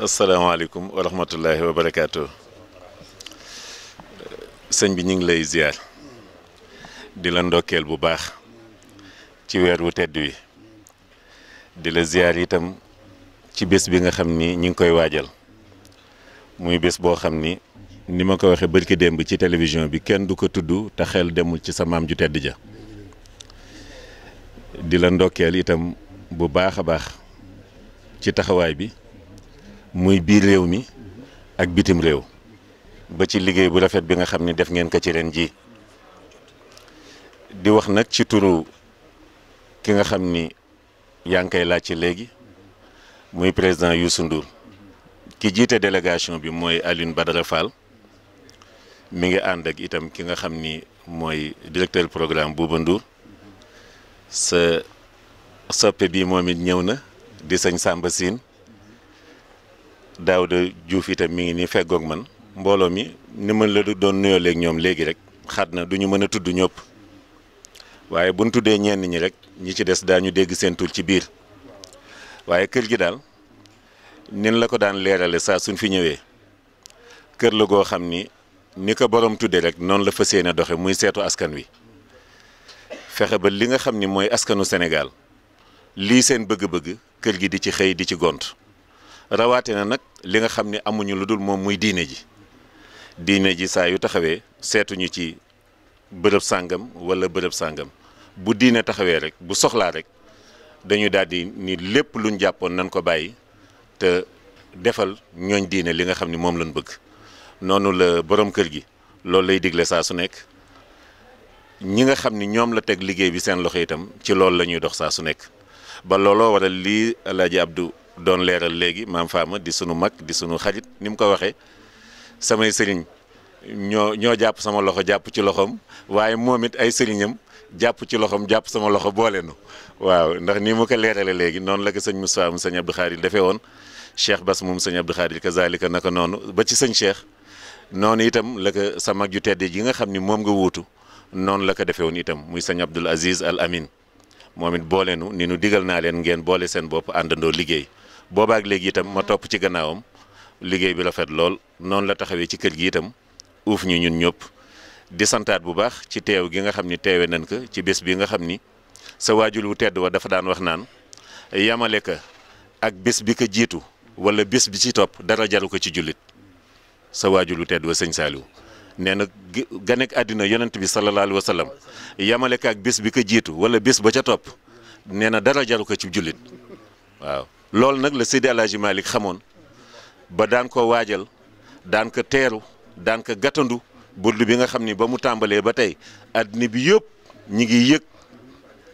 asalaamaaleykum wa rahmatullahi wa barakaatu sëñ bi ñu ngi lay ziar di la ndokkeel bu baax ci weer wu tedd wi di la ziar itam ci bés bi nga xam ni ñu ngi koy waajal muy bés boo xam ni ni ma ko waxee bërki démb ci télévision bi kenn du ko tudd te xel demul ci sa maam ju tedd ja di la ndokkeel itam bu baax a baax ci taxawaay bi muy biir réew mi ak bitim réew ba ci liggéey bu rafet bi nga xam ni def ngeen ko ci ren ji di wax nag ci turu ki nga xam ni yaa ngi koy ci léegi muy président Youssou Ndour ki jiite délégation bi mooy Alioune Badara Fall mi ngi ànd ak itam ki nga xam ni mooy directeur programme Bouba Ndour sa soppe bi moom it ñëw na di sëñ Samba Sine Daawda Juuf itam mi ngi nii feggoog man mbooloo mi ni mën la doon nuyoo léeg ñoom léegi rek xat na duñu ñu mën a tudd ñëpp waaye bu tuddee ñenn ñi rek ñi ci des daañu dégg seen tur ci biir waaye kër gi daal nin la ko daan leerale saa suñ fi ñëwee kër la goo xam ni ni ko borom tuddee rek noonu la fas yéene doxe muy seetu askan wi fexe ba li nga xam ni mooy askanu Sénégal lii seen bëgg-bëgg kër gi di ci xëy di ci gont rawatina nag li nga xam ne amuñu lu dul moom muy diine ji diine ji saa yu taxawee seetuñu ci bërëb sàngam wala bërëb sàngam bu diine taxawee rek bu soxlaa rek dañu daal di ni lépp luñ jàppoon nañ ko bàyyi te defal ñooñ diine li nga xam ni moom lañ bëgg noonu la borom kër gi loolu lay digle saa su nekk ñi nga xam ni ñoom la teg liggéey bi seen loxo itam ci loolu la ñuy dox saa su nekk ba looloo waral lii Alaaji Abdou doon leeral léegi maam Fama di sunu mag di sunu xarit ni mu ko waxee samay sëriñ ñoo ñoo jàpp sama loxo jàpp ci loxoom waaye moom it ay sëriñam jàpp ci loxoom jàpp sama loxo boole nu waaw ndax nii mu ko leerale léegi noonu la ko sëñ Moussa mu sëñ Abdou Khadir defee woon Cheikh Bass moom sëñ Abdou Khadir kazalika naka noonu ba ci sëñ Cheikh noonu itam la ko sa mag ju tedd ji nga xam ni moom nga wutu noonu la ko defee woon itam muy sëñ Abdoul Aziz Al Amin moom it boole nu ni nu digal naa leen ngeen boole seen bopp àndandoo liggéey boobaak léegi itam ma topp ci gannaawam liggéey bi rafet lool noonu la taxawee ci kër gi itam uuf ñu ñun ñëpp di santaat bu baax ci teew gi nga xam ni teewe nañ ko ci bés bi nga xam ni sa waajur wu tedd wa dafa daan wax naan yamale ka ak bés bi ko jiitu wala bés bi ci topp dara jaru ko ci jullit sa waajur wu wa sëñ Saliou nee na ganek àddina yonent bi sallallahu alayhi wa sallam yamale ka ak bés bi ko jiitu wala bés ba ca topp nee na dara jaru ko ci jullit waaw loolu nag la Seydi El Hadji Malick xamoon ba daan ko waajal daan ko teeru daan ko gàttandu burdu bi nga xam ni ba mu tàmbalee ba tey àddina bi yëpp ñi ngi yëg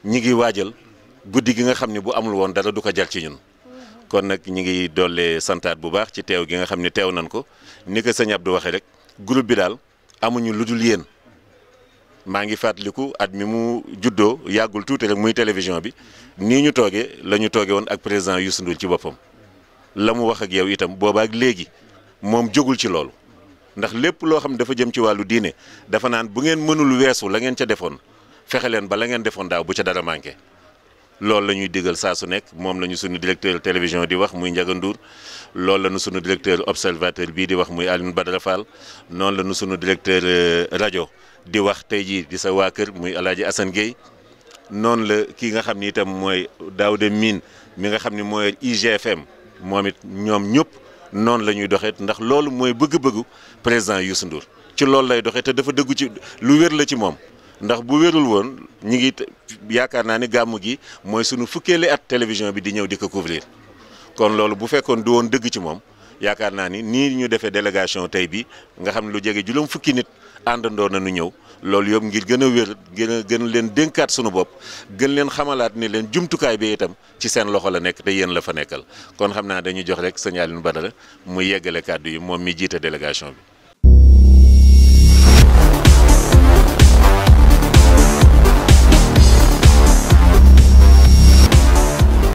ñi ngi waajal guddi gi nga xam ni bu amul woon dara du ko jar ci ñun kon nag ñi ngi dollee santaat bu baax ci teew gi nga xam ni teew nañ ko ni ko sëñ du waxee rek groupe bi daal amuñu lu dul yéen mangi fatlikou at mi mu juddoo yàggul tuuti rek muy télévision bi ni ñu togué lañu togué won ak président Youssou Ndour ci bopam lamu wax ak yow itam boba ak légui mom jogul ci lool ndax lepp lo xam dafa jëm ci walu diiné dafa naan bu ngeen mënul weesu la ngeen ca defoon fexe leen ba la ngeen defoon daaw bu ca dara manké lool lañuy diggal sa su nek mom lañu ñu sunu directeur télévision di wax muy Ndiaga Ndour loolu la sunu directeur observateur bi di wax muy Alioune Badara non lañu la sunu directeur euh, radio di wax tey jii di sa waa kër muy El Hadj Assane Gueye noonu la kii nga xam ni itam mooy daaw de Mine mi nga xam ni mooy IGFM moom it ñoom ñëpp noonu la ñuy doxee ndax loolu mooy bëgg-bëggu président yu sundur ci loolu lay doxee te dafa dëggu ci lu wér la ci moom ndax bu wérul woon ñi ngi yaakaar naa ni gàmmu gi mooy sunu fukkeeli at télévision bi di ñëw di ko couvrir kon loolu bu fekkoon du woon dëgg ci moom yaakaar naa ni nii ñu defee délégation tey bi nga xam lu jege juróom fukki nit. àndandoo nanu ñëw loolu yëpp ngir gën a wér gën a gën leen dénkaat sunu bopp gën leen xamalaat ni leen jumtukaay bi itam ci seen loxo la nekk te yéen la fa nekkal kon xam naa dañuy jox rek sëñ Alioune Badara mu yeggale kàddu yi moom mi jiite délégation bi.